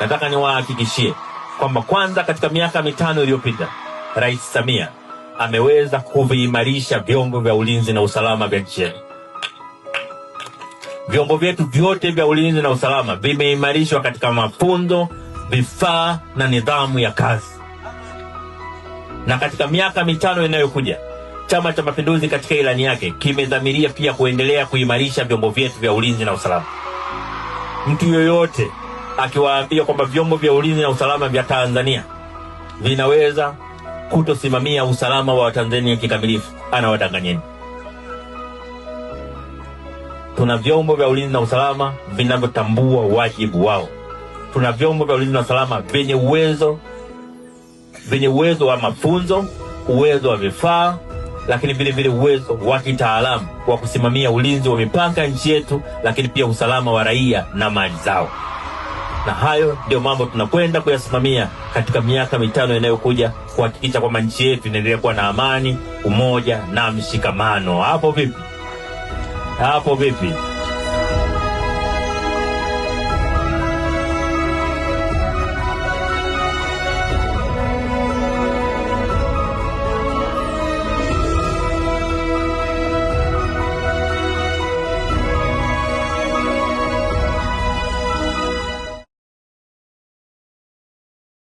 Nataka niwahakikishie kwamba kwanza, katika miaka mitano iliyopita Rais Samia ameweza kuviimarisha vyombo vya ulinzi na usalama vya nchi yetu. Vyombo vyetu vyote vya ulinzi na usalama vimeimarishwa katika mafunzo, vifaa na nidhamu ya kazi. Na katika miaka mitano inayokuja, Chama cha Mapinduzi katika ilani yake kimedhamiria pia kuendelea kuimarisha vyombo vyetu vya ulinzi na usalama. Mtu yoyote akiwaambia kwamba vyombo vya ulinzi na usalama vya Tanzania vinaweza kutosimamia usalama wa Watanzania kikamilifu. Anawadanganyeni. Tuna vyombo vya ulinzi na usalama vinavyotambua wajibu wao. Tuna vyombo vya ulinzi na usalama vyenye uwezo vyenye uwezo wa mafunzo, uwezo wa vifaa, lakini vile vile uwezo wa kitaalamu wa kusimamia ulinzi wa mipaka nchi yetu, lakini pia usalama wa raia na mali zao na hayo ndiyo mambo tunakwenda kuyasimamia katika miaka mitano inayokuja kuhakikisha kwamba nchi yetu inaendelea kuwa na amani, umoja na mshikamano. Hapo vipi? Hapo vipi?